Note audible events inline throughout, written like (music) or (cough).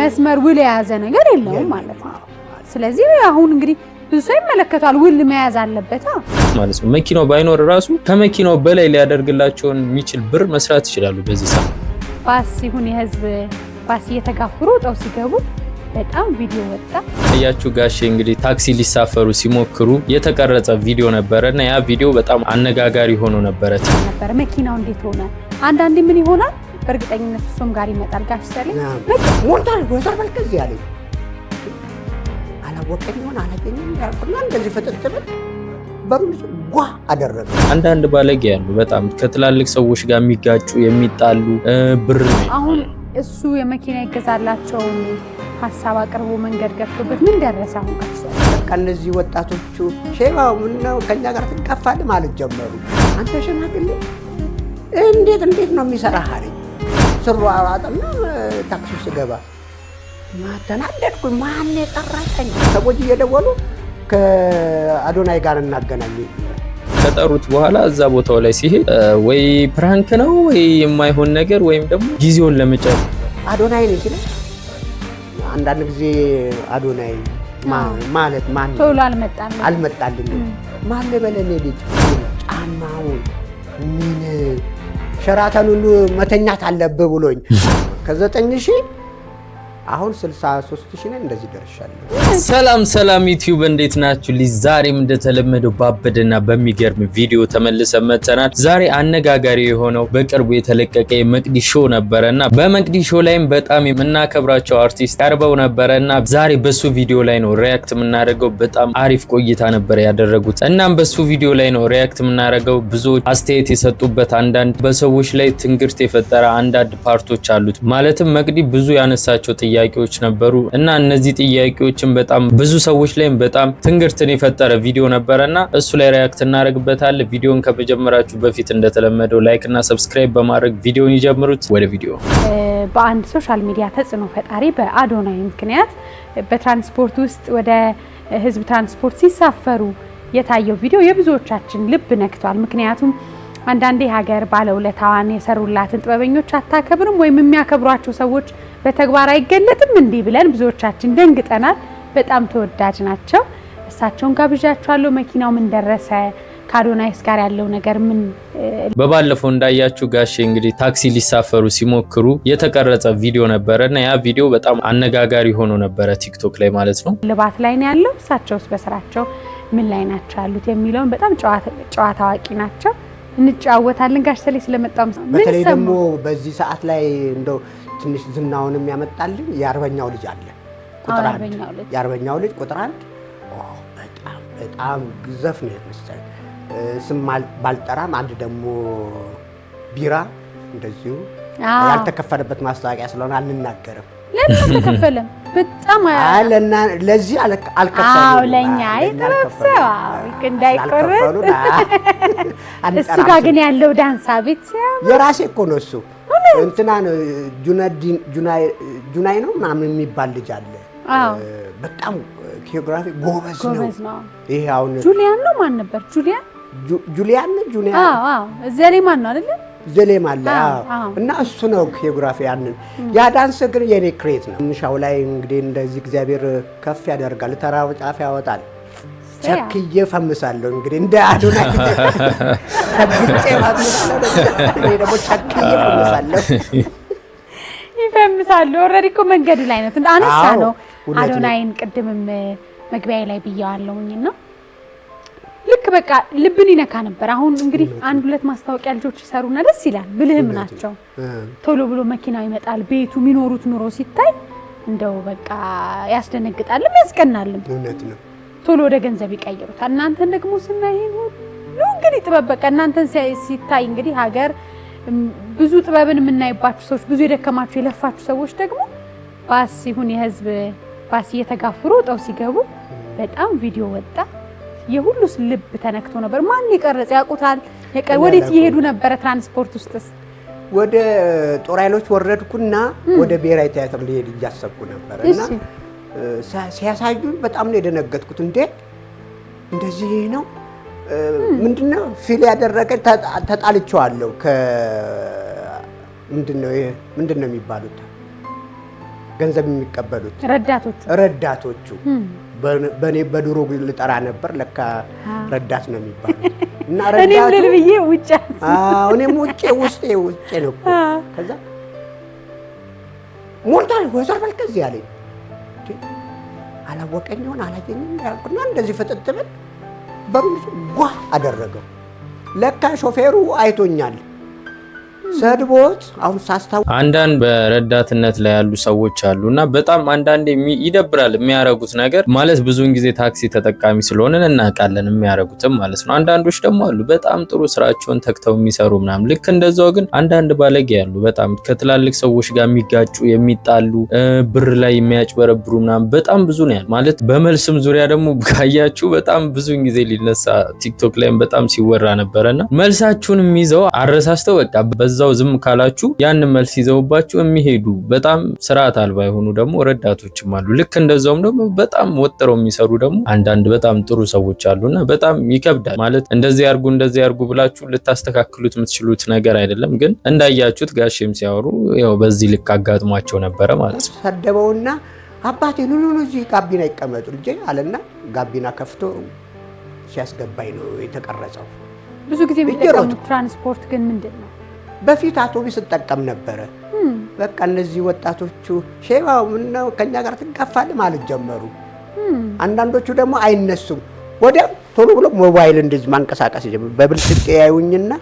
መስመር ውል የያዘ ነገር የለውም ማለት ነው። ስለዚህ አሁን እንግዲህ ብዙ ሰው ይመለከቷል። ውል መያዝ አለበት ማለት ነው። መኪናው ባይኖር ራሱ ከመኪናው በላይ ሊያደርግላቸውን የሚችል ብር መስራት ይችላሉ። በዚህ ሰ ባስ ይሁን የህዝብ ባስ እየተጋፍሩ ወጣው ሲገቡ በጣም ቪዲዮ ወጣ። ያያችሁ ጋሼ እንግዲህ ታክሲ ሊሳፈሩ ሲሞክሩ የተቀረጸ ቪዲዮ ነበረ እና ያ ቪዲዮ በጣም አነጋጋሪ ሆኖ ነበረ ነበረ መኪናው እንዴት ሆነ? አንዳንዴ ምን ይሆናል በእርግጠኝነት እሱም ጋር ይመጣል። ጋሽ ሰለኝ ሞልቷል ሞልቷል በል ከዚህ አለኝ። አላወቀኝ ሆን አላገኘም ያልኩና እንደዚህ ፍጥጥብል በሩን ጓ አደረገ። አንዳንድ ባለጌ ያሉ በጣም ከትላልቅ ሰዎች ጋር የሚጋጩ የሚጣሉ ብር አሁን እሱ የመኪና ይገዛላቸውን ሀሳብ አቅርቦ መንገድ ገብቶበት ምን ደረሰ? አሁን ቀርሰ በቃ እነዚህ ወጣቶቹ ሼባው ምነው ከኛ ጋር ትንቀፋል ማለት ጀመሩ። አንተ ሽማግሌ እንዴት እንዴት ነው የሚሰራ አለኝ ስሩ አጠና ታክሲ ስገባ ተናደድኩኝ። ማን የጠራኝ? ሰዎች እየደወሉ ከአዶናይ ጋር እናገናኝ ከጠሩት በኋላ እዛ ቦታው ላይ ሲሄድ ወይ ፕራንክ ነው ወይ የማይሆን ነገር ወይም ደግሞ ጊዜውን ለመጨረስ አዶናይ ነው ሲል አንዳንድ ጊዜ አዶናይ ማለት ማን ቶሎ አልመጣልኝ ማን ልበል ልጅ ጫማውን ምን ሸራተን ሁሉ መተኛት አለብህ ብሎኝ ከዘጠኝ ሺህ አሁን ስልሳ ሦስት ሺህ ነን እንደዚህ ደርሻለሁ። ሰላም ሰላም ዩቲዩብ እንዴት ናችሁ? ልጅ ዛሬም እንደተለመደው ባበደና በሚገርም ቪዲዮ ተመልሰ መጥተናል። ዛሬ አነጋጋሪ የሆነው በቅርቡ የተለቀቀ የመቅዲ ሾው ነበረና በመቅዲ ሾው ላይም በጣም የምናከብራቸው አርቲስት ቀርበው ነበረና ዛሬ በሱ ቪዲዮ ላይ ነው ሪያክት የምናደርገው። በጣም አሪፍ ቆይታ ነበረ ያደረጉት። እናም በሱ ቪዲዮ ላይ ነው ሪያክት የምናደርገው። ብዙዎች አስተያየት የሰጡበት አንዳንድ በሰዎች ላይ ትንግርት የፈጠረ አንዳንድ ፓርቶች አሉት። ማለትም መቅዲ ብዙ ያነሳቸው ጥያቄዎች ነበሩ እና እነዚህ ጥያቄዎችን በጣም ብዙ ሰዎች ላይም በጣም ትንግርትን የፈጠረ ቪዲዮ ነበረና እሱ ላይ ሪያክት እናደርግበታለን። ቪዲዮን ከመጀመራችሁ በፊት እንደተለመደው ላይክ እና ሰብስክራይብ በማድረግ ቪዲዮን ይጀምሩት። ወደ ቪዲዮ። በአንድ ሶሻል ሚዲያ ተጽዕኖ ፈጣሪ በአዶናይ ምክንያት በትራንስፖርት ውስጥ ወደ ህዝብ ትራንስፖርት ሲሳፈሩ የታየው ቪዲዮ የብዙዎቻችን ልብ ነክቷል። ምክንያቱም አንዳንዴ ሀገር ባለውለታዋን የሰሩላትን ጥበበኞች አታከብርም ወይም የሚያከብሯቸው ሰዎች በተግባር አይገለጥም እንዲህ ብለን ብዙዎቻችን ደንግጠናል። በጣም ተወዳጅ ናቸው። እሳቸውን ጋብዣችኋለሁ። መኪናው ምን ደረሰ፣ ከአዶናይስ ጋር ያለው ነገር ምን? በባለፈው እንዳያችሁ ጋሼ እንግዲህ ታክሲ ሊሳፈሩ ሲሞክሩ የተቀረጸ ቪዲዮ ነበረ እና ያ ቪዲዮ በጣም አነጋጋሪ ሆኖ ነበረ ቲክቶክ ላይ ማለት ነው። ልባት ላይ ነው ያለው። እሳቸውስ በስራቸው ምን ላይ ናቸው ያሉት የሚለውን በጣም ጨዋታ አዋቂ ናቸው። እንጫወታለን ጋሽ ሰሌ ስለመጣው በተለይ ደግሞ በዚህ ሰዓት ላይ እንደው ትንሽ ዝናውንም ያመጣልን የአርበኛው ልጅ አለ ቁጥር አንድ የአርበኛው ልጅ ቁጥር አንድ በጣም በጣም ግዘፍ ነው የመሰለ ስም ባልጠራም አንድ ደግሞ ቢራ እንደዚሁ ያልተከፈለበት ማስታወቂያ ስለሆነ አልናገርም። ለምን በጣም አለና ለዚህ አልከፈለም። አዎ ለኛ አይተረሰው (laughs) እሱ ጋር ግን ያለው ዳንሳ ቤት የራሴ እኮ ነው እሱ እንትና ነው ጁናይ ነው ምናምን የሚባል ልጅ አለ በጣም ኪዮግራፊ ጎበዝ ነው። ይሄ አሁን ጁሊያን ነው ማን ነበር? ጁሊያን ጁሊያን ጁሊያን። አዎ አዎ፣ ዘሌማን ነው አይደል? ዘሌማን ላይ አዎ። እና እሱ ነው ኪዮግራፊ ያንን። ያ ዳንስ ግን የኔ ክሬት ነው። ምሻው ላይ እንግዲህ እንደዚህ እግዚአብሔር ከፍ ያደርጋል፣ ተራው ጫፍ ያወጣል። ቸክዬ ፈምሳለሁ እንግዲህ እንደ አዶና (laughs) ደግሞ ቸክዬ ፈምሳለሁ። ይፈምሳሉ። ኦልሬዲ እኮ መንገድ ላይ ነው። አነሳ ነው አዶናይን ቅድምም መግቢያ ላይ ብያዋለሁኝ እና ልክ በቃ ልብን ይነካ ነበር። አሁን እንግዲህ አንድ ሁለት ማስታወቂያ ልጆች ይሰሩና ደስ ይላል፣ ብልህም ናቸው። ቶሎ ብሎ መኪናው ይመጣል፣ ቤቱ የሚኖሩት ኑሮ ሲታይ እንደው በቃ ያስደነግጣልም ያስቀናልም። ቶሎ ወደ ገንዘብ ይቀይሩታል። እናንተን ደግሞ ስናይ ሁሉ እንግዲህ ጥበብ በቃ እናንተን ሲታይ እንግዲህ ሀገር ብዙ ጥበብን የምናይባችሁ ሰዎች፣ ብዙ የደከማችሁ የለፋችሁ ሰዎች ደግሞ ባስ ይሁን የህዝብ ባስ እየተጋፉ ሮጠው ሲገቡ በጣም ቪዲዮ ወጣ። የሁሉስ ልብ ተነክቶ ነበር። ማን የቀረጸ ያውቁታል? ወዴት እየሄዱ ነበረ? ትራንስፖርት ውስጥስ? ወደ ጦር ኃይሎች ወረድኩና ወደ ብሔራዊ ቲያትር ሊሄድ እያሰብኩ ነበርና እና ሲያሳዩኝ በጣም ነው የደነገጥኩት። እንዴ እንደዚህ ነው ምንድነው ፊል ያደረገኝ። ተጣልቼዋለሁ። ምንድነው የሚባሉት ገንዘብ የሚቀበሉት ረዳቶቹ ረዳቶቹ በእኔ በድሮ ልጠራ ነበር። ለካ ረዳት ነው የሚባለው። (laughs) እና እኔም ልል ብዬ ውጭ እኔም ውጭ ውስጤ ውጭ ነው። ከዛ ሞልቷል ወይዘር በልከዚ ያለኝ አላወቀኝ ሆን አላገኝ ያልኩና እንደዚህ ፍጥጥ ብል በምሱ ጓ አደረገው። ለካ ሾፌሩ አይቶኛል። ሰድቦት አሁን ሳስታው አንዳንድ በረዳትነት ላይ ያሉ ሰዎች አሉ እና በጣም አንዳንድ ይደብራል የሚያረጉት ነገር ማለት ብዙውን ጊዜ ታክሲ ተጠቃሚ ስለሆንን እናውቃለን የሚያረጉትም ማለት ነው። አንዳንዶች ደግሞ አሉ በጣም ጥሩ ስራቸውን ተክተው የሚሰሩ ምናምን ልክ እንደዛው ግን አንዳንድ ባለጌ ያሉ በጣም ከትላልቅ ሰዎች ጋር የሚጋጩ የሚጣሉ፣ ብር ላይ የሚያጭበረብሩ ምናምን በጣም ብዙ ነው ያሉ ማለት በመልስም ዙሪያ ደግሞ ካያችሁ በጣም ብዙን ጊዜ ሊነሳ ቲክቶክ ላይም በጣም ሲወራ ነበረና መልሳችሁን የሚይዘው አረሳስተው በቃ እዛው ዝም ካላችሁ ያንን መልስ ይዘውባችሁ የሚሄዱ በጣም ስርዓት አልባ የሆኑ ደግሞ ረዳቶችም አሉ። ልክ እንደዛውም ደግሞ በጣም ወጥረው የሚሰሩ ደግሞ አንዳንድ በጣም ጥሩ ሰዎች አሉና በጣም ይከብዳል። ማለት እንደዚህ ያርጉ እንደዚህ ያርጉ ብላችሁ ልታስተካክሉት የምትችሉት ነገር አይደለም። ግን እንዳያችሁት ጋሼም ሲያወሩ ያው በዚህ ልክ አጋጥሟቸው ነበረ ማለት ነው። ሰደበውና አባቴ ኑ ኑ እዚህ ጋቢና ይቀመጡ ልጄ አለና ጋቢና ከፍቶ ሲያስገባኝ ነው የተቀረጸው። ብዙ ጊዜ ትራንስፖርት ግን ምንድን ነው በፊት አውቶቡስ እጠቀም ነበረ። በቃ እነዚህ ወጣቶቹ ሼባ ምነው ከእኛ ጋር ትጋፋለህ ማለት ጀመሩ። አንዳንዶቹ ደግሞ አይነሱም፣ ወዲያው ቶሎ ብሎ ሞባይል እንደዚህ ማንቀሳቀስ ጀመሩ። በብልጭት ያዩኝና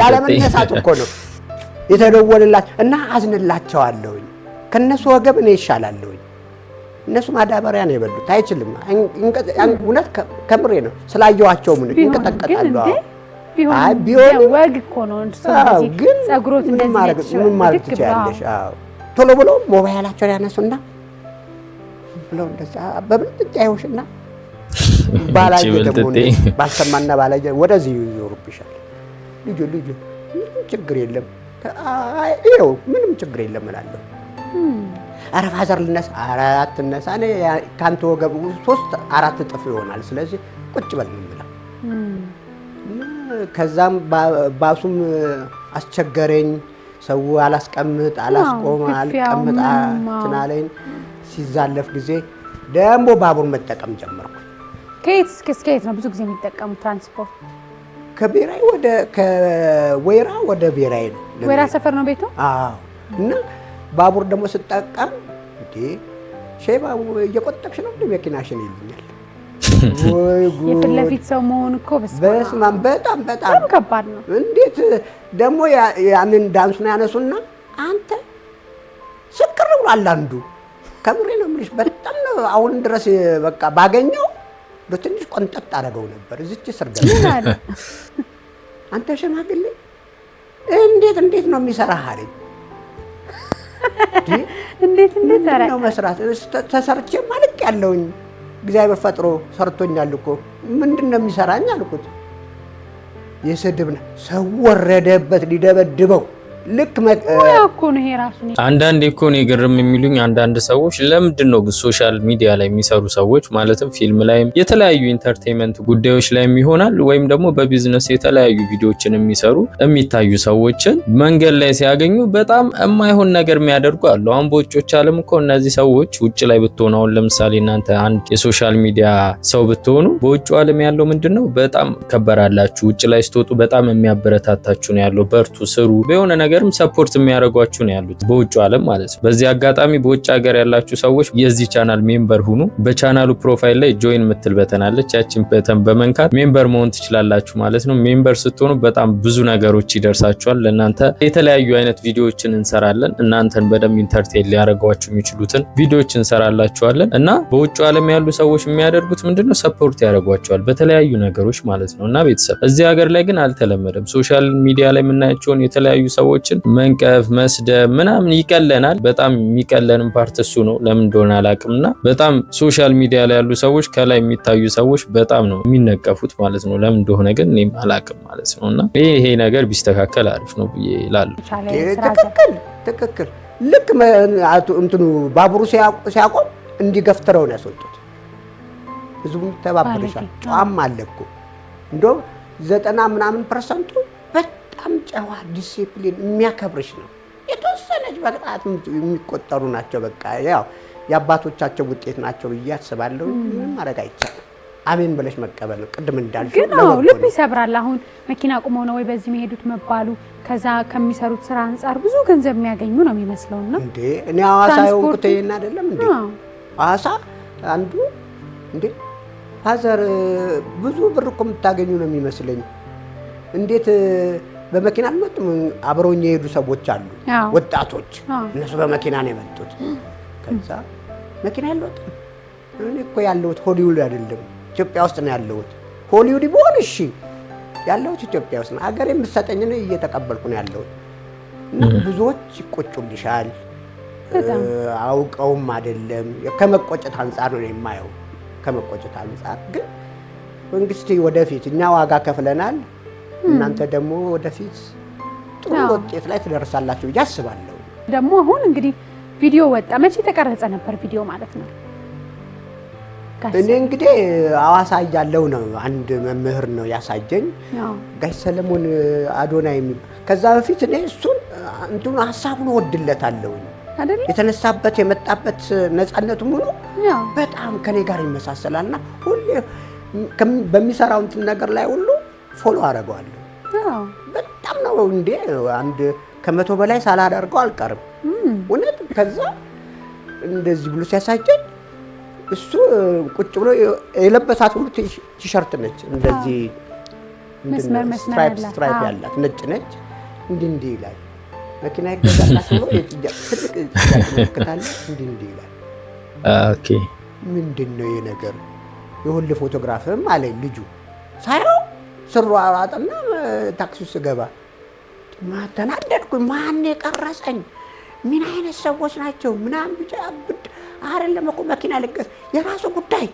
ላለመነሳት እኮ ነው የተደወልላቸው እና አዝንላቸዋለሁኝ። ከእነሱ ወገብ እኔ ይሻላለሁኝ። እነሱ ማዳበሪያ ነው የበሉት። አይችልም፣ እውነት ከምሬ ነው። ቢሆን እኮ ነው ግን ጸጉሮት ምን ማድረግ ትችያለሽ? ቶሎ ብሎ ሞባይላቸውን ያነሱና ብለው እንደዚያ በብልጥጥ ያዩሽና (laughs) ባላየ ደግሞ ባልሰማና ባላየ ወደዚህ ይወሩብሻል። ልጁ ልጁ ችግር የለም ይኸው ምንም ችግር የለም እላለሁ። ኧረ ፋዘር ልነሳ፣ ኧረ አትነሳ፣ ከአንተ ወገብ ሶስት አራት እጥፍ ይሆናል። ስለዚህ ቁጭ በል የምለው ከዛም ባሱም አስቸገረኝ። ሰው አላስቀምጥ አላስቆም አልቀምጥ ትናለኝ። ሲዛለፍ ጊዜ ደግሞ ባቡር መጠቀም ጀመርኩ። ከየት እስከየት ነው ብዙ ጊዜ የሚጠቀሙ ትራንስፖርት? ከብሔራዊ ወደ ከወይራ ወደ ብሔራዊ ነው። ወይራ ሰፈር ነው ቤቱ። አዎ። እና ባቡር ደግሞ ስጠቀም እንዴ ሼባ እየቆጠቅሽ ነው መኪናሽን ይሉኛል የፊት ለፊት ሰው መሆን እኮ በስመ አብ በጣም በጣም ከባድ ነው። እንዴት ደግሞ ያንን ዳንሱን ያነሱና አንተ ስቅር ብሏል አንዱ። ከምሬ ነው የምልሽ በጣም ነው። አሁን ድረስ በቃ ባገኘው በትንሽ ቆንጠጥ አደረገው ነበር። እዚች ስር አንተ ሽማግሌ እንዴት እንዴት ነው የሚሰራህ አለኝ። (laughs) እንዴት እንዴት ነው መስራት ተሰርቼ ማለቅ ያለውኝ እግዚአብሔር ፈጥሮ ሰርቶኛል እኮ ምንድን ነው የሚሰራኝ አልኩት። የስድብ ነው። ሰው ወረደበት ሊደበድበው ልክ አንዳንዴ እኮ እኔ ግርም የሚሉኝ አንዳንድ ሰዎች ለምንድን ነው ሶሻል ሚዲያ ላይ የሚሰሩ ሰዎች ማለትም ፊልም ላይም የተለያዩ ኢንተርቴንመንት ጉዳዮች ላይም ይሆናል ወይም ደግሞ በቢዝነስ የተለያዩ ቪዲዮዎችን የሚሰሩ የሚታዩ ሰዎችን መንገድ ላይ ሲያገኙ በጣም የማይሆን ነገር የሚያደርጉ አሉ። አሁን በውጮች ዓለም እኮ እነዚህ ሰዎች ውጭ ላይ ብትሆኑ አሁን ለምሳሌ እናንተ አንድ የሶሻል ሚዲያ ሰው ብትሆኑ በውጭ ዓለም ያለው ምንድን ነው በጣም ከበራላችሁ። ውጭ ላይ ስትወጡ በጣም የሚያበረታታችሁ ነው ያለው፣ በርቱ፣ ስሩ፣ በሆነ ነገር ነገርም ሰፖርት የሚያደርጓችሁ ነው ያሉት በውጭ ዓለም ማለት ነው። በዚህ አጋጣሚ በውጭ ሀገር ያላችሁ ሰዎች የዚህ ቻናል ሜምበር ሁኑ። በቻናሉ ፕሮፋይል ላይ ጆይን የምትል በተናለች ያችን በተን በመንካት ሜምበር መሆን ትችላላችሁ ማለት ነው። ሜምበር ስትሆኑ በጣም ብዙ ነገሮች ይደርሳችኋል። ለእናንተ የተለያዩ አይነት ቪዲዮዎችን እንሰራለን። እናንተን በደንብ ኢንተርቴን ሊያደርጓችሁ የሚችሉትን ቪዲዮዎች እንሰራላችኋለን እና በውጭ ዓለም ያሉ ሰዎች የሚያደርጉት ምንድነው ሰፖርት ያደርጓቸዋል በተለያዩ ነገሮች ማለት ነው እና ቤተሰብ እዚህ ሀገር ላይ ግን አልተለመደም። ሶሻል ሚዲያ ላይ የምናያቸውን የተለያዩ ሰዎች ሰዎችን መንቀፍ፣ መስደብ ምናምን ይቀለናል። በጣም የሚቀለንም ፓርት እሱ ነው። ለምን እንደሆነ እና በጣም ሶሻል ሚዲያ ላይ ያሉ ሰዎች ከላይ የሚታዩ ሰዎች በጣም ነው የሚነቀፉት ማለት ነው። ለምን እንደሆነ ግን እኔም አላቅም ማለት ነው። እና ይሄ ነገር ቢስተካከል አሪፍ ነው ብዬ ይላሉ። ትክክል ትክክል። ልክ እንትኑ ባቡሩ ሲያቆም እንዲገፍትረው ነው ያስወጡት። ህዝቡም ተባብረሻል። ጫም አለ እኮ እንደውም ዘጠና ምናምን ፐርሰንቱ በጣም ጨዋ ዲሲፕሊን የሚያከብርሽ ነው። የተወሰነች በቅጣት የሚቆጠሩ ናቸው። በቃ ያው የአባቶቻቸው ውጤት ናቸው ብዬ አስባለሁ። ምንም ማድረግ አይቻልም። አሜን ብለሽ መቀበል ነው። ቅድም እንዳልሽ ግን ልብ ይሰብራል። አሁን መኪና ቁመው ነው ወይ በዚህ መሄዱት መባሉ ከዛ ከሚሰሩት ስራ አንጻር ብዙ ገንዘብ የሚያገኙ ነው የሚመስለው። እና እንዴ እኔ ሐዋሳ የሆንኩት ይሄን አይደለም እንዴ ሐዋሳ አንዱ እንዴ ፋዘር ብዙ ብር እኮ የምታገኙ ነው የሚመስለኝ እንዴት በመኪና አልመጡም። አብረውኝ የሄዱ ሰዎች አሉ፣ ወጣቶች። እነሱ በመኪና ነው የመጡት። ከዛ መኪና ያልወጥም እኔ እኮ ያለሁት ሆሊውድ አይደለም ኢትዮጵያ ውስጥ ነው ያለሁት። ሆሊውድ ቢሆን እሺ፣ ያለሁት ኢትዮጵያ ውስጥ ነው። አገር ነው እየተቀበልኩ ነው ያለሁት። እና ብዙዎች ይቆጩልሻል፣ አውቀውም አይደለም። ከመቆጨት አንጻር ነው የማየው። ከመቆጨት አንጻር ግን መንግስት ወደፊት እኛ ዋጋ ከፍለናል እናንተ ደግሞ ወደፊት ጥሩ ውጤት ላይ ትደርሳላችሁ ብዬ አስባለሁ። ደግሞ አሁን እንግዲህ ቪዲዮ ወጣ። መቼ የተቀረጸ ነበር ቪዲዮ ማለት ነው? እኔ እንግዲህ አዋሳ እያለሁ ነው። አንድ መምህር ነው ያሳየኝ፣ ጋሽ ሰለሞን አዶና የሚል ከዛ በፊት እኔ እሱን እንትኑ ሀሳቡን ወድለታለሁ የተነሳበት የመጣበት ነፃነቱ ሙሉ በጣም ከኔ ጋር ይመሳሰላልና ሁሌ በሚሰራው እንትን ነገር ላይ ሁሉ ፎሎ አደርገዋለሁ። በጣም ነው እንዴ አንድ ከመቶ በላይ ሳላደርገው አልቀርም እውነት። ከዛ እንደዚህ ብሎ ሲያሳየኝ እሱ ቁጭ ብሎ የለበሳት ሁሉ ቲሸርት ነች፣ እንደዚህ ስትራይፕ ያላት ነጭ ነች። እንዲህ እንዲህ ይላል መኪና ይገዛላት ብሎ እንዲህ እንዲህ ይላል። ምንድን ነው ይህ ነገር? የሁል ፎቶግራፍም አለኝ ልጁ ሳየው ስሯሯጥና ታክሲ ውስጥ ገባ። ተናደድኩኝ። ማን የቀረጸኝ? ምን አይነት ሰዎች ናቸው? ምናምን ብቻ ብድ አይደለም እኮ መኪና ልቀስ የራሱ ጉዳይ።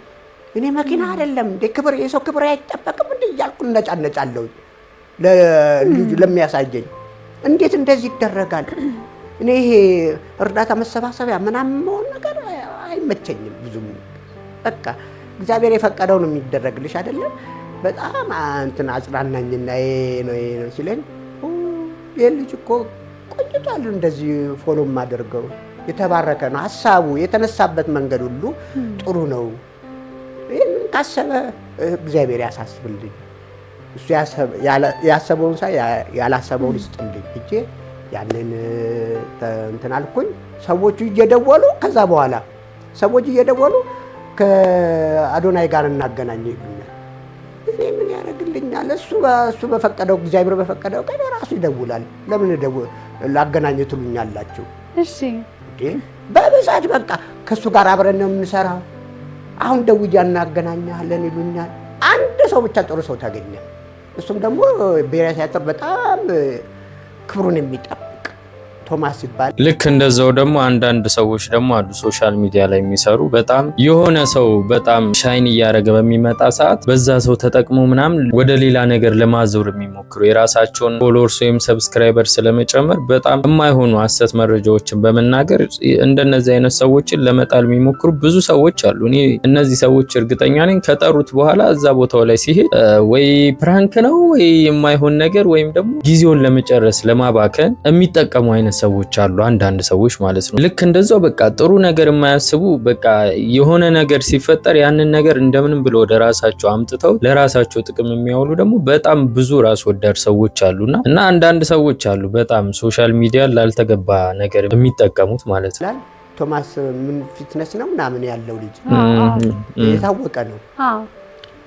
እኔ መኪና አይደለም እንደ ክብር የሰው ክብር አይጠበቅም እንደ እያልኩ እነጫነጫለሁ። ለሚያሳየኝ እንዴት እንደዚህ ይደረጋል? እኔ ይሄ እርዳታ መሰባሰቢያ ምናምን መሆን ነገር አይመቸኝም ብዙም። በቃ እግዚአብሔር የፈቀደው ነው የሚደረግልሽ አይደለም በጣም እንትን አጽናናኝና ነው ነው ሲለኝ፣ ይህ ልጅ እኮ ቆይቷል እንደዚህ ፎሎ የማደርገው የተባረከ ነው ሀሳቡ፣ የተነሳበት መንገድ ሁሉ ጥሩ ነው። ይህንን ካሰበ እግዚአብሔር ያሳስብልኝ፣ እሱ ያሰበውን ሳ ያላሰበውን ይስጥልኝ እጄ ያንን እንትን አልኩኝ። ሰዎቹ እየደወሉ ከዛ በኋላ ሰዎች እየደወሉ ከአዶናይ ጋር እናገናኝ እሱ እሱ በፈቀደው እግዚአብሔር በፈቀደው ቀን ራሱ ይደውላል። ለምን ደው ላገናኝ ትሉኛላችሁ? እሺ በብዛት በቃ ከእሱ ጋር አብረን ነው የምንሰራው። አሁን ደውዬ እናገናኛለን ይሉኛል። አንድ ሰው ብቻ ጥሩ ሰው ታገኘ። እሱም ደግሞ ብሔራዊ ቲያትር በጣም ክብሩን የሚጠብ ቶማስ ይባል። ልክ እንደዛው ደግሞ አንዳንድ ሰዎች ደግሞ አሉ ሶሻል ሚዲያ ላይ የሚሰሩ በጣም የሆነ ሰው በጣም ሻይን እያደረገ በሚመጣ ሰዓት በዛ ሰው ተጠቅሞ ምናምን ወደ ሌላ ነገር ለማዞር የሚሞክሩ የራሳቸውን ፎሎወርስ ወይም ሰብስክራይበር ስለመጨመር በጣም የማይሆኑ ሀሰት መረጃዎችን በመናገር እንደነዚህ አይነት ሰዎችን ለመጣል የሚሞክሩ ብዙ ሰዎች አሉ። እኔ እነዚህ ሰዎች እርግጠኛ ነኝ ከጠሩት በኋላ እዛ ቦታው ላይ ሲሄድ ወይ ፕራንክ ነው ወይ የማይሆን ነገር ወይም ደግሞ ጊዜውን ለመጨረስ ለማባከን የሚጠቀሙ አይነት ሰዎች አሉ፣ አንዳንድ ሰዎች ማለት ነው። ልክ እንደዛው በቃ ጥሩ ነገር የማያስቡ በቃ የሆነ ነገር ሲፈጠር ያንን ነገር እንደምንም ብሎ ወደ ራሳቸው አምጥተው ለራሳቸው ጥቅም የሚያውሉ ደግሞ በጣም ብዙ ራስ ወዳድ ሰዎች አሉና እና አንዳንድ ሰዎች አሉ በጣም ሶሻል ሚዲያ ላልተገባ ነገር የሚጠቀሙት ማለት ነው። ቶማስ ምን ፊትነስ ነው ምናምን ያለው ልጅ የታወቀ ነው።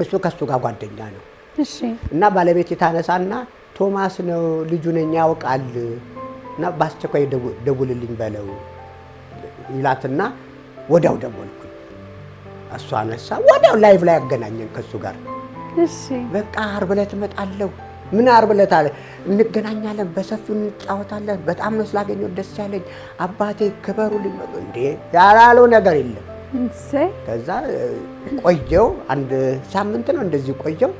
እሱ ከሱ ጋር ጓደኛ ነው እና ባለቤት የታነሳና ቶማስ ነው ልጁ ነኝ ያውቃል እና በአስቸኳይ ደውልልኝ በለው ይላትና ወዲያው ደወልኩኝ። እሷ አነሳ። ወዲያው ላይቭ ላይ አገናኘን ከእሱ ጋር በቃ ዓርብ ዕለት እመጣለሁ። ምን ዓርብ ዕለት አለ እንገናኛለን፣ በሰፊው እንጫወታለን። በጣም ነው ስላገኘሁት ደስ ያለኝ አባቴ ክበሩልኝ። እንዴ ያላለው ነገር የለም። ከዛ ቆየው አንድ ሳምንት ነው እንደዚህ ቆየው።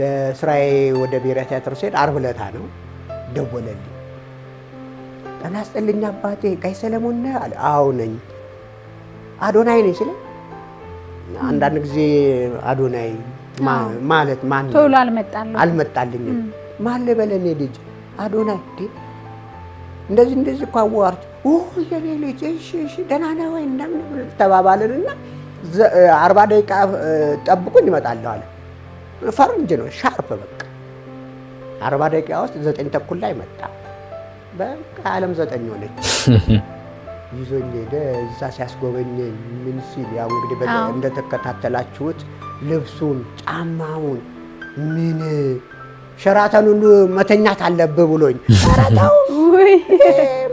ለስራዬ ወደ ብሔራዊ ቲያትር ስሄድ ዓርብ ዕለታ ነው ደወለልኝ። ጤና ይስጥልኝ አባቴ ቀይ ሰለሞን ነህ አለ። አዎ ነኝ። አዶናይ ነኝ ስለ አንዳንድ ጊዜ አዶናይ ማለት ማን ቶሎ አልመጣልኝም። ማን ልበል እኔ ልጅ አዶናይ እንደዚህ እንደዚህ እኮ አዋርድ የኔ ልጅ እሺ እሺ ደህና ነህ ወይ እንደምን ተባባልንና አርባ ደቂቃ ጠብቁኝ እመጣለሁ አለ። ፈረንጅ ነው ሻርፕ በቃ አርባ ደቂቃ ውስጥ ዘጠኝ ተኩል ላይ መጣ። በቃ አለም ዘጠኝ ሆነች። (laughs) ይዞኝ ሄደ። እዛ ሲያስጎበኝ ምን ሲል ያው እንግዲህ እንደተከታተላችሁት ልብሱን፣ ጫማውን ምን ሸራተን ሁሉ መተኛት አለብ ብሎኝ (laughs) ሸራተው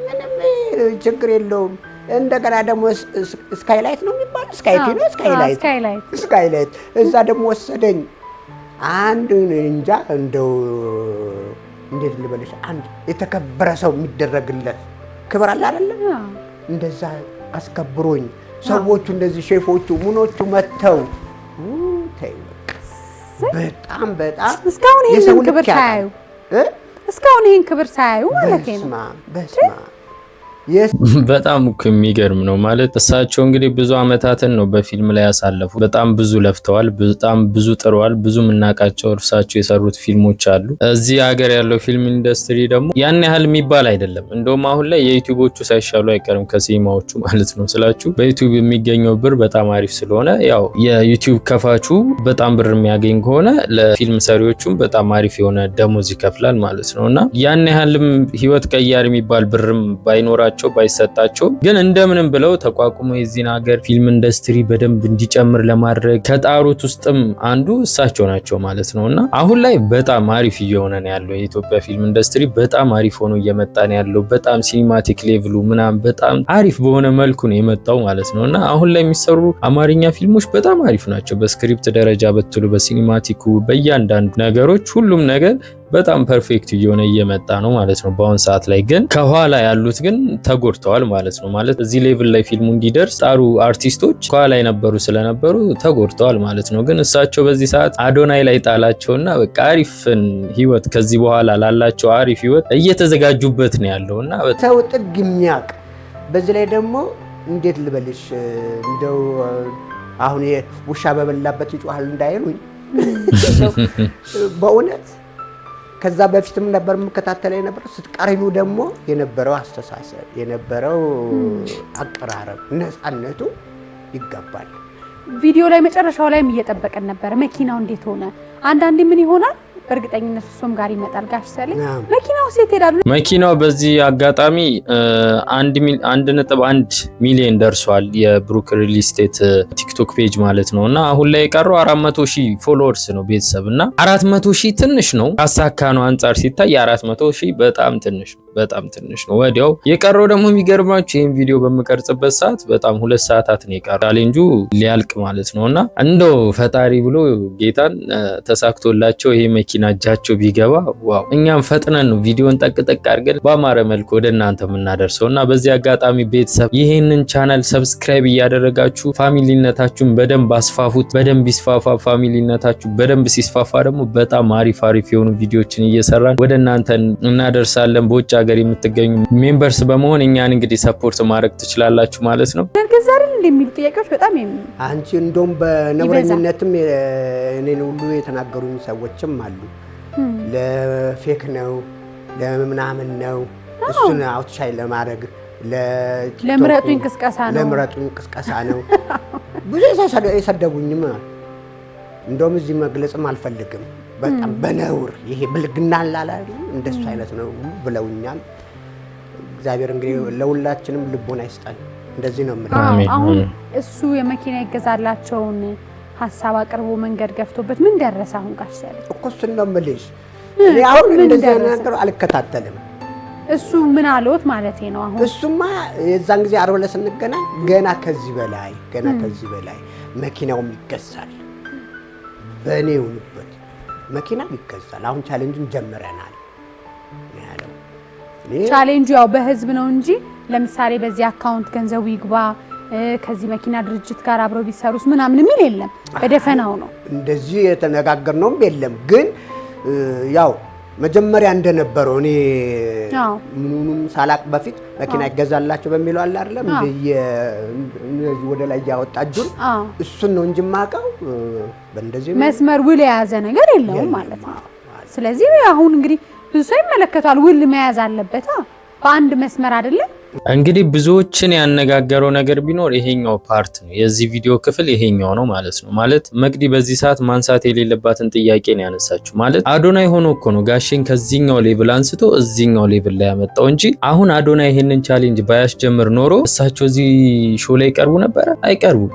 ምንም ችግር የለውም። እንደገና ደግሞ ስካይላይት ነው የሚባለው ስካይቲ ነው ስካይላይት ስካይላይት እዛ ደግሞ ወሰደኝ። አንድ እንጃ እንደው እንዴት ልበለሽ፣ አንድ የተከበረ ሰው የሚደረግለት ክብር አለ አይደለ? እንደዛ አስከብሮኝ ሰዎቹ እንደዚህ ሼፎቹ ምኖቹ መጥተው በጣም በጣም እስካሁን ይህን ክብር ሳያዩ እስካሁን ይህን ክብር ሳያዩ ማለት ነው። (laughs) በጣም እኮ የሚገርም ነው ማለት እሳቸው እንግዲህ ብዙ አመታትን ነው በፊልም ላይ ያሳለፉ። በጣም ብዙ ለፍተዋል፣ በጣም ብዙ ጥረዋል። ብዙ የምናውቃቸው እርሳቸው የሰሩት ፊልሞች አሉ። እዚህ ሀገር ያለው ፊልም ኢንዱስትሪ ደግሞ ያን ያህል የሚባል አይደለም። እንደውም አሁን ላይ የዩቲዩቦቹ ሳይሻሉ አይቀርም ከሲኒማዎቹ (laughs) ማለት ነው ስላችሁ። በዩቲዩብ የሚገኘው ብር በጣም አሪፍ ስለሆነ ያው የዩቲዩብ ከፋቹ በጣም ብር የሚያገኝ ከሆነ ለፊልም ሰሪዎቹም በጣም አሪፍ የሆነ ደሞዝ ይከፍላል ማለት ነው እና ያን ያህልም ህይወት ቀያር የሚባል ብርም ባይኖራቸው ቢሰጣቸው ባይሰጣቸውም ግን እንደምንም ብለው ተቋቁሞ የዚህን ሀገር ፊልም ኢንዱስትሪ በደንብ እንዲጨምር ለማድረግ ከጣሩት ውስጥም አንዱ እሳቸው ናቸው ማለት ነው እና አሁን ላይ በጣም አሪፍ እየሆነ ነው ያለው። የኢትዮጵያ ፊልም ኢንዱስትሪ በጣም አሪፍ ሆኖ እየመጣ ነው ያለው። በጣም ሲኒማቲክ ሌቭሉ ምናም በጣም አሪፍ በሆነ መልኩ ነው የመጣው ማለት ነው እና አሁን ላይ የሚሰሩ አማርኛ ፊልሞች በጣም አሪፍ ናቸው። በስክሪፕት ደረጃ በትሉ በሲኒማቲኩ በእያንዳንዱ ነገሮች ሁሉም ነገር በጣም ፐርፌክት እየሆነ እየመጣ ነው ማለት ነው። በአሁን ሰዓት ላይ ግን ከኋላ ያሉት ግን ተጎድተዋል ማለት ነው። ማለት እዚህ ሌቭል ላይ ፊልሙ እንዲደርስ ጣሩ አርቲስቶች ከኋላ የነበሩ ስለነበሩ ተጎድተዋል ማለት ነው። ግን እሳቸው በዚህ ሰዓት አዶናይ ላይ ጣላቸውና በቃ አሪፍን ህይወት ከዚህ በኋላ ላላቸው አሪፍ ህይወት እየተዘጋጁበት ነው ያለው እና ሰው ጥግ የሚያውቅ በዚህ ላይ ደግሞ እንዴት ልበልሽ እንደው አሁን ውሻ በበላበት ይጮሃል እንዳይሉኝ (laughs) በእውነት ከዛ በፊትም ነበር የምከታተለ የነበረው። ስትቀሪሉ ደግሞ የነበረው አስተሳሰብ የነበረው አቀራረብ ነፃነቱ ይገባል። ቪዲዮ ላይ መጨረሻው ላይም እየጠበቀን ነበረ መኪናው እንዴት ሆነ። አንዳንዴ ምን ይሆናል በእርግጠኝነት እሱም ጋር ይመጣል። ጋሽ ሰለኝ መኪናው ሴት ሄዳሉ። መኪናው በዚህ አጋጣሚ አንድ ነጥብ አንድ ሚሊዮን ደርሷል። የብሩክ ሪል ስቴት ቲክቶክ ፔጅ ማለት ነው እና አሁን ላይ የቀረው አራት መቶ ሺህ ፎሎወርስ ነው ቤተሰብ እና አራት መቶ ሺህ ትንሽ ነው። ካሳካ ነው አንጻር ሲታይ አራት መቶ ሺህ በጣም ትንሽ ነው። በጣም ትንሽ ነው። ወዲያው የቀረው ደግሞ የሚገርማችሁ ይህን ቪዲዮ በምቀርጽበት ሰዓት በጣም ሁለት ሰዓታት ነው የቀረው ቻሌንጁ ሊያልቅ ማለት ነው። እና እንደው ፈጣሪ ብሎ ጌታን ተሳክቶላቸው ይሄ መኪና እጃቸው ቢገባ ዋው! እኛም ፈጥነን ነው ቪዲዮን ጠቅጠቅ አድርገን በአማረ መልኩ ወደ እናንተ የምናደርሰው እና በዚህ አጋጣሚ ቤተሰብ ይህንን ቻናል ሰብስክራይብ እያደረጋችሁ ፋሚሊነታችሁን በደንብ አስፋፉት። በደንብ ይስፋፋ ፋሚሊነታችሁ። በደንብ ሲስፋፋ ደግሞ በጣም አሪፍ አሪፍ የሆኑ ቪዲዮችን እየሰራን ወደ እናንተ እናደርሳለን በውጭ ሀገር የምትገኙ ሜምበርስ በመሆን እኛን እንግዲህ ሰፖርት ማድረግ ትችላላችሁ ማለት ነው። ገዛ አይደል ጥያቄዎች በጣም አንቺ እንደውም በነውረኝነትም እኔን ሁሉ የተናገሩኝ ሰዎችም አሉ። ለፌክ ነው ለምናምን ነው እሱን አውትሻይ ለማድረግ ለምረጡ እንቅስቀሳ ነው ለምረጡኝ ቅስቀሳ ነው (laughs) ብዙ የሰደቡኝም እንደውም እዚህ መግለጽም አልፈልግም። በጣም በነውር ይሄ ብልግና ላላ እንደሱ አይነት ነው ብለውኛል። እግዚአብሔር እንግዲህ ለሁላችንም ልቦና ይስጣል። እንደዚህ ነው የምልህ። አሁን እሱ የመኪና ይገዛላቸውን ሀሳብ አቅርቦ መንገድ ገፍቶበት ምን ደረሰ? አሁን ጋር ያለ እኮ እሱን ነው የምልሽ። አሁን እንደዚህ ነገር አልከታተልም። እሱ ምን አለዎት ማለት ነው? አሁን እሱማ የዛን ጊዜ ዓርብ ዕለት ስንገናኝ ገና ከዚህ በላይ ገና ከዚህ በላይ መኪናውም ይገዛል በእኔው መኪና ይገዛል። አሁን ቻሌንጅን ጀምረናል ያለው ቻሌንጁ ያው በህዝብ ነው እንጂ ለምሳሌ በዚህ አካውንት ገንዘቡ ይግባ ከዚህ መኪና ድርጅት ጋር አብረው ቢሰሩስ ምናምን የሚል የለም። በደፈናው ነው እንደዚህ የተነጋገርነውም የለም ግን ያው መጀመሪያ እንደነበረው እኔ ምኑንም ሳላቅ በፊት መኪና ይገዛላቸው በሚለው አለ አይደለም እንደዚህ ወደ ላይ እያወጣ እጁን እሱን ነው እንጂ የማውቀው በእንደዚህ መስመር ውል የያዘ ነገር የለውም ማለት ነው። ስለዚህ አሁን እንግዲህ ብዙ ሰው ይመለከቷል። ውል መያዝ አለበት በአንድ መስመር አይደለም እንግዲህ ብዙዎችን ያነጋገረው ነገር ቢኖር ይሄኛው ፓርት ነው፣ የዚህ ቪዲዮ ክፍል ይሄኛው ነው ማለት ነው። ማለት መቅዲ በዚህ ሰዓት ማንሳት የሌለባትን ጥያቄ ነው ያነሳችው። ማለት አዶናይ ሆኖ እኮ ነው ጋሽን ከዚህኛው ሌቭል አንስቶ እዚህኛው ሌቭል ላይ ያመጣው እንጂ አሁን አዶናይ ይሄንን ቻሌንጅ ባያስጀምር ኖሮ እሳቸው እዚህ ሾው ላይ ይቀርቡ ነበረ? አይቀርቡም።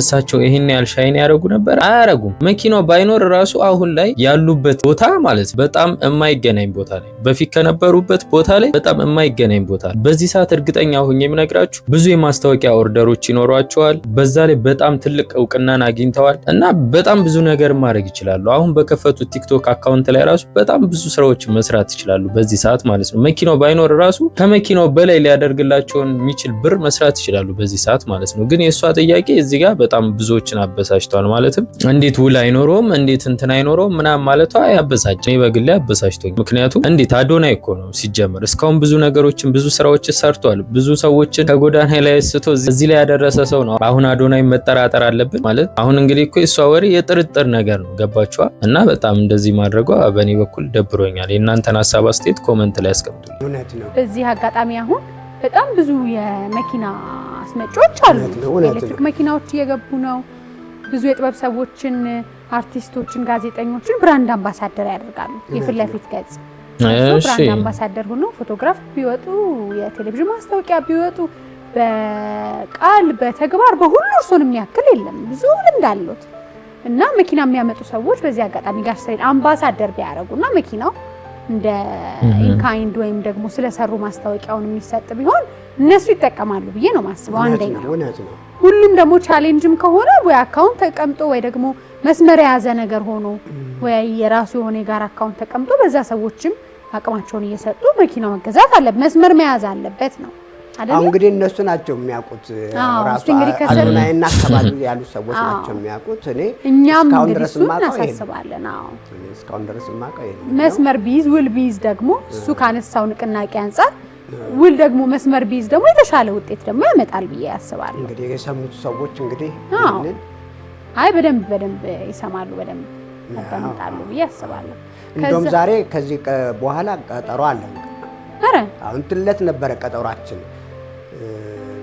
እሳቸው ይሄን ያህል ሻይን ያደረጉ ነበረ? አያረጉም። መኪናው ባይኖር ራሱ አሁን ላይ ያሉበት ቦታ ማለት በጣም የማይገናኝ ቦታ ላይ በፊት ከነበሩበት ቦታ ላይ በጣም የማይገናኝ ቦታ በዚህ ሰዓት እርግጠኛ ሁኝ የምነግራችሁ ብዙ የማስታወቂያ ኦርደሮች ይኖሯቸዋል። በዛ ላይ በጣም ትልቅ እውቅናን አግኝተዋል እና በጣም ብዙ ነገር ማድረግ ይችላሉ። አሁን በከፈቱት ቲክቶክ አካውንት ላይ ራሱ በጣም ብዙ ስራዎች መስራት ይችላሉ። በዚህ ሰዓት ማለት ነው። መኪናው ባይኖር ራሱ ከመኪናው በላይ ሊያደርግላቸውን የሚችል ብር መስራት ይችላሉ። በዚህ ሰዓት ማለት ነው። ግን የእሷ ጥያቄ እዚህ ጋር በጣም ብዙዎችን አበሳጭቷል። ማለትም እንዴት ውል አይኖረውም፣ እንዴት እንትን አይኖረውም ምናምን ማለቷ ያበሳጭ እኔ በግሌ አበሳጭቶኝ። ምክንያቱም እንዴት አዶናይ እኮ ነው ሲጀምር እስካሁን ብዙ ነገሮችን ብዙ ስራዎችን ሰርቷል። ተጠርቷል። ብዙ ሰዎችን ከጎዳና ላይ ስቶ እዚህ ላይ ያደረሰ ሰው ነው። አሁን አዶናይ መጠራጠር አለብን ማለት አሁን እንግዲህ እኮ እሷ ወሬ የጥርጥር ነገር ነው። ገባችኋ? እና በጣም እንደዚህ ማድረጓ በእኔ በኩል ደብሮኛል። የእናንተን ሀሳብ አስተያየት ኮመንት ላይ ያስቀምጡ። በዚህ አጋጣሚ አሁን በጣም ብዙ የመኪና አስመጪዎች አሉ። ኤሌክትሪክ መኪናዎች እየገቡ ነው። ብዙ የጥበብ ሰዎችን፣ አርቲስቶችን፣ ጋዜጠኞችን ብራንድ አምባሳደር ያደርጋሉ የፊት ለፊት ገጽ ብራንድ አምባሳደር ሆኖ ፎቶግራፍ ቢወጡ፣ የቴሌቪዥን ማስታወቂያ ቢወጡ፣ በቃል በተግባር በሁሉ እርሶን የሚያክል የለም። ብዙ ልምድ አለዎት እና መኪና የሚያመጡ ሰዎች በዚህ አጋጣሚ ጋር ሰይድ አምባሳደር ቢያደርጉ እና መኪናው እንደ ኢንካይንድ ወይም ደግሞ ስለሰሩ ማስታወቂያውን የሚሰጥ ቢሆን እነሱ ይጠቀማሉ ብዬ ነው ማስበው። አንደኛ ሁሉም ደግሞ ቻሌንጅም ከሆነ ወይ አካውንት ተቀምጦ ወይ ደግሞ መስመር የያዘ ነገር ሆኖ ወይ የራሱ የሆነ የጋራ አካውንት ተቀምጦ በዛ ሰዎችም አቅማቸውን እየሰጡ መኪናው መገዛት አለ መስመር መያዝ አለበት ነው። አሁን እንግዲህ እነሱ ናቸው የሚያውቁት፣ ራሱ አዶናይና አካባቢ (laughs) ያሉ ሰዎች ናቸው የሚያውቁት። እኔ እኛም እንግዲህ እሱን እናሳስባለን። እስካሁን ድረስ የማውቀው መስመር ቢይዝ ውል ቢይዝ ደግሞ እሱ ካነሳው ንቅናቄ አንጻር ውል ደግሞ መስመር ቢይዝ ደግሞ የተሻለ ውጤት ደግሞ ያመጣል ብዬ ያስባል። እንግዲህ የሰሙት ሰዎች እንግዲህ አይ በደንብ በደንብ ይሰማሉ፣ በደንብ ያዳምጣሉ ብዬ ያስባለሁ። እንደውም ዛሬ ከዚህ በኋላ ቀጠሮ አለን። ኧረ እንትን ዕለት ነበረ ቀጠሯችን።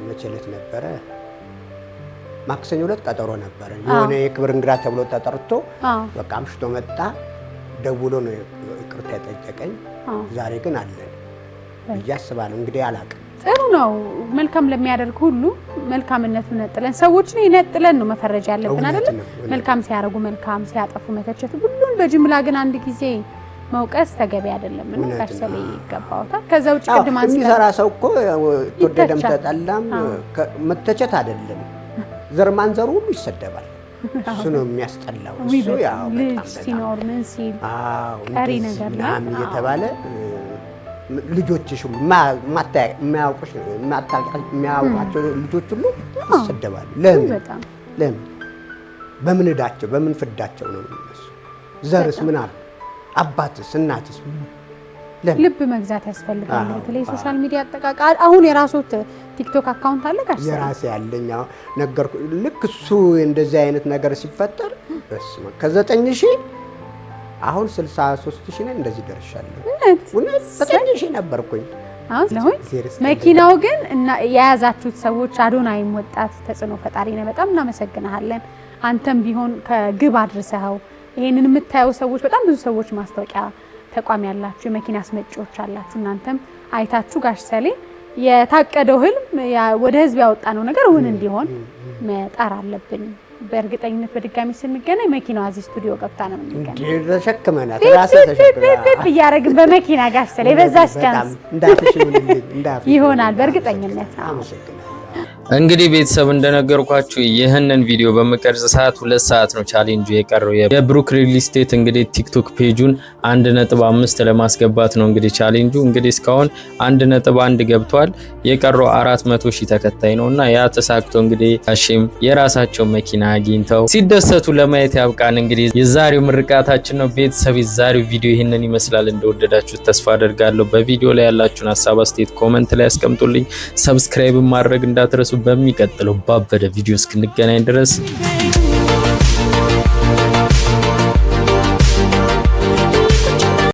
መቼ ዕለት ነበረ? ማክሰኞ ዕለት ቀጠሮ ነበረ። የሆነ የክብር እንግዳ ተብሎ ተጠርቶ በቃ አምሽቶ መጣ። ደውሎ ነው ይቅርታ የጠየቀኝ። ዛሬ ግን አለን ብዬ አስባለሁ። እንግዲህ አላውቅም ጥሩ ነው። መልካም ለሚያደርግ ሁሉ መልካምነቱን ነጥለን ሰዎችን ይነጥለን ነው መፈረጃ ያለብን አይደለም። መልካም ሲያደርጉ መልካም፣ ሲያጠፉ መተቸት። ሁሉን በጅምላ ግን አንድ ጊዜ መውቀስ ተገቢ አይደለም እና ከርሰሌ ይገባውታል። ከዛ ውጭ ቅድም የሚሰራ ሰው እኮ ተወደደም ተጠላም መተቸት አይደለም። ዘር ማንዘሩ ሁሉ ይሰደባል። እሱ ነው የሚያስጠላው። ያው ሲኖር ምን ሲል ቀሪ ነገር ምናምን እየተባለ ልጆችሽ ሁሉ የማያውቁሽ የማያውቋቸው ልጆች ሁሉ ይሰደባሉ። ለምን ለምን? በምን ዕዳቸው በምን ፍዳቸው ነው እነሱ? ዘርስ ምን አለ? አባትስ እናትስ ልብ መግዛት ያስፈልጋል። በተለይ ሶሻል ሚዲያ አጠቃቀ አሁን የራስዎት ቲክቶክ አካውንት አለ? ጋር የራሴ ያለኝ ነገርኩ። ልክ እሱ እንደዚህ አይነት ነገር ሲፈጠር በስመ ከዘጠኝ ሺህ አሁን 63 ሺህ ነን። እንደዚህ ደርሻለሁ። እውነት በትንሽ ነበርኩኝ። መኪናው ግን የያዛችሁት ሰዎች አዶናይም ወጣት ተጽዕኖ ፈጣሪ ነው። በጣም እናመሰግናለን። አንተም ቢሆን ከግብ አድርሰኸው ይህንን የምታየው ሰዎች በጣም ብዙ ሰዎች ማስታወቂያ ተቋም ያላችሁ የመኪና አስመጪዎች አላችሁ። እናንተም አይታችሁ ጋሽ ሰሌ የታቀደው ህልም ወደ ህዝብ ያወጣ ነው ነገር እውን እንዲሆን መጣር አለብን። በእርግጠኝነት በድጋሚ ስንገናኝ መኪናዋ እዚህ ስቱዲዮ ገብታ ነው የምንገናኝ። ተሸክመናት ራሴ እያደረግን በመኪና ጋር ስለ በዛ ዳንስ ይሆናል በእርግጠኝነት። አመሰግናለሁ። እንግዲህ ቤተሰብ እንደነገርኳችሁ ይህንን ቪዲዮ በምቀርጽ ሰዓት ሁለት ሰዓት ነው ቻሌንጁ የቀረው። የብሩክ ሪል ስቴት እንግዲህ ቲክቶክ ፔጁን አንድ ነጥብ አምስት ለማስገባት ነው እንግዲህ ቻሌንጁ። እንግዲህ እስካሁን አንድ ነጥብ አንድ ገብቷል። የቀረው አራት መቶ ሺህ ተከታይ ነው እና ያ ተሳክቶ እንግዲህ ካሽም የራሳቸው መኪና አግኝተው ሲደሰቱ ለማየት ያብቃን። እንግዲህ የዛሬው ምርቃታችን ነው ቤተሰብ። የዛሬው ቪዲዮ ይህንን ይመስላል። እንደወደዳችሁት ተስፋ አደርጋለሁ። በቪዲዮ ላይ ያላችሁን ሀሳብ አስተያየት ኮመንት ላይ ያስቀምጡልኝ። ሰብስክራይብ ማድረግ እንዳትረሱ። በሚቀጥለው ባበደ ቪዲዮ እስክንገናኝ ድረስ